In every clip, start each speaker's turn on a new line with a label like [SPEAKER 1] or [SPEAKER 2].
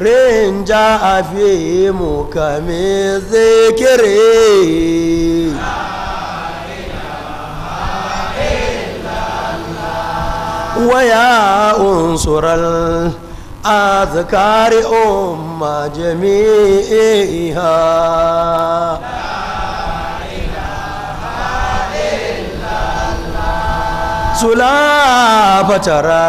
[SPEAKER 1] renja a fi mu kame zikiri waya unsural azkari umma jami'iha sulafatara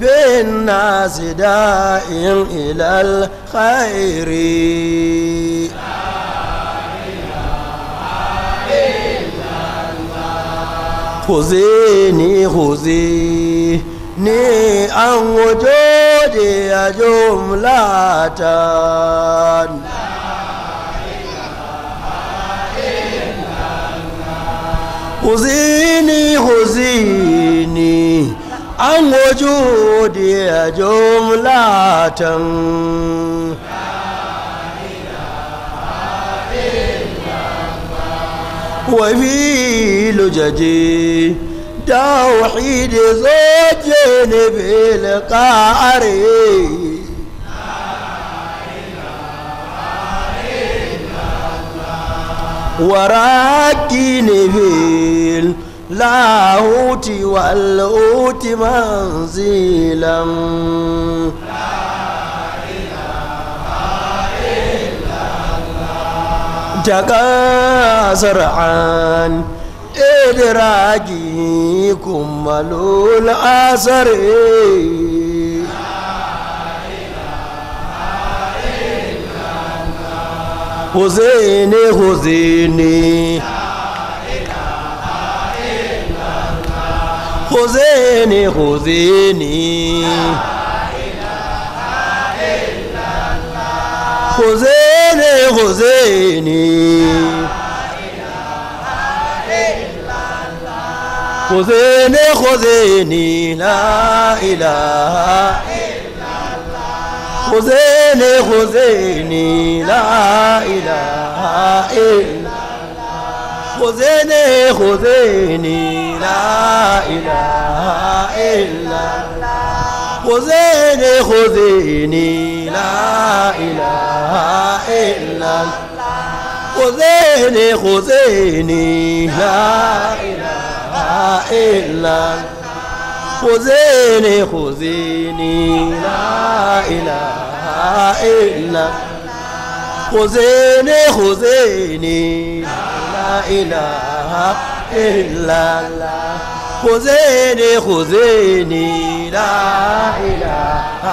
[SPEAKER 1] بالناس دائم إلى الخير خذيني خذيني أن وجودي جملة خذيني خذيني an wujudi a jumlatan wa fi lujaji da wahidi zoje ne bil kare wa raki ne bil لاهوت والأوت منزلا تكاثر عن إدراككم ولو الأثر حزيني حزيني Hoseni, Hoseni. Hoseni, Hoseni. Hoseni, Hoseni. La ilaha illallah. Hoseni, Hoseni. La ilaha illallah. Hoseni, Hoseni. La ilaha Hussain Husseini Hussain Husseini Hussain Husseini Hussain Husseini ইলাহা ইল্লাল্লাহ হোসেন হোসেনি لا إله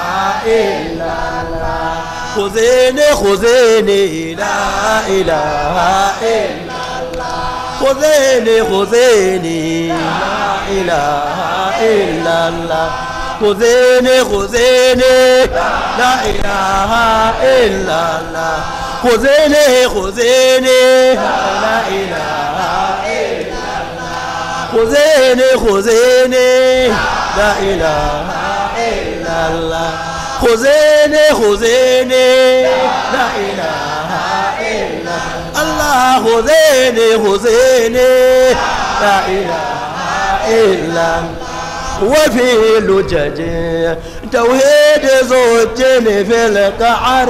[SPEAKER 1] إلا الله خذيني خذيني لا إله إلا الله خذيني خذيني لا إله إلا الله خذيني خذيني لا إله إلا الله خذيني خذيني لا إله Hosene Hosene La ilaha illallah Hosene Hosene La ilaha illallah Allah Hosene Hosene La ilaha illallah وفي لجج توحيد زوجين في القعر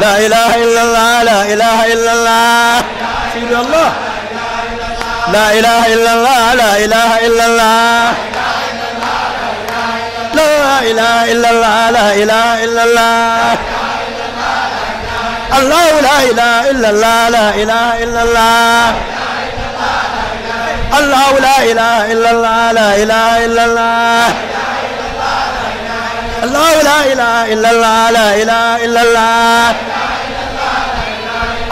[SPEAKER 1] لا إله إلا الله لا إله إلا الله سيدي الله لا إله إلا الله لا إله إلا الله لا إله إلا الله لا إله إلا الله الله لا إله إلا الله لا إله إلا الله الله لا إله إلا الله لا إله إلا الله الله لا إله إلا الله لا إله إلا الله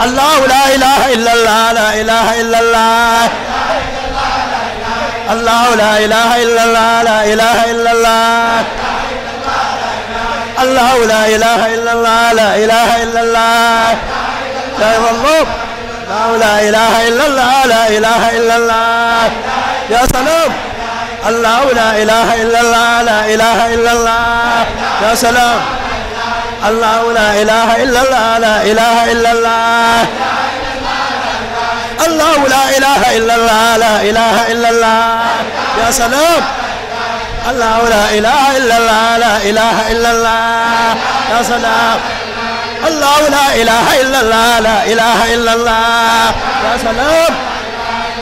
[SPEAKER 1] الله لا إله إلا الله لا إله إلا الله الله لا إله إلا الله لا إله إلا الله
[SPEAKER 2] الله لا إله إلا الله لا إله إلا
[SPEAKER 1] الله لا الله لا إله إلا الله لا إله إلا الله يا سلام الله لا إله إلا الله لا إله إلا الله يا سلام الله لا إله إلا الله لا إله إلا الله الله لا إله إلا الله لا إله إلا الله يا سلام الله لا إله إلا الله لا إله إلا الله يا سلام الله لا إله إلا الله لا إله إلا الله يا سلام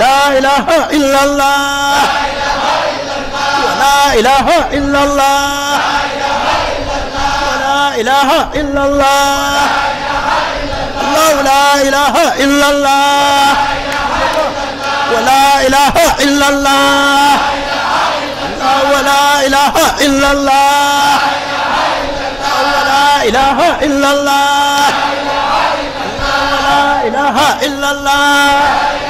[SPEAKER 1] لا إله إلا الله لا إله إلا الله لا إله إلا الله الله لا إله إلا الله ولا إله إلا الله ولا إله إلا الله ولا إله إلا الله ولا إله إلا الله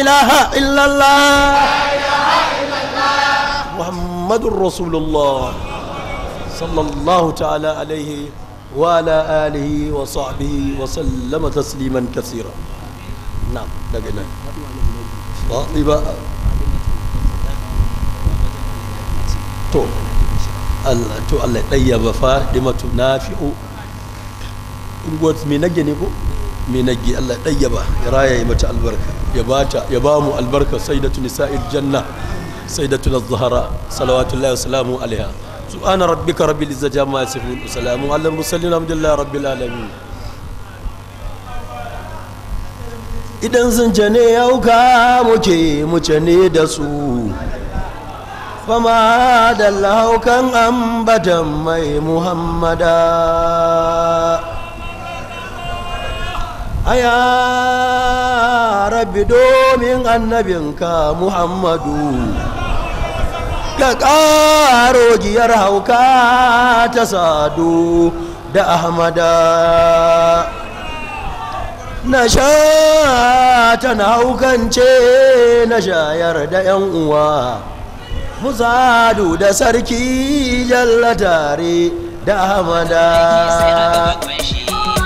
[SPEAKER 1] ilaha illallah muhammadur rasulullah sallallahu ta'ala alayhi wa alihi wa tasliman katsira na'am daga nan fatiba to mai nagi Allah ɗayyaba ya raya ya mata albarka ya bata ya ba mu albarka sai da tuni nisa'il janna sai sayyidatu az-zahra salawatullahi wa salamu alaiha subhana rabbika rabbil izzati amma yasifun salamu alal mursalin alhamdulillahi rabbil alamin idan sun ne yauka muke muce ne da su fama da laukan ambatan mai muhammada aya rabbi domin annabinka muhammadu ka ƙaro giyar hauka ta sadu da ahmada na sha na haukance na shayar da 'yan uwa musadu da sarki jalla tare da ahmada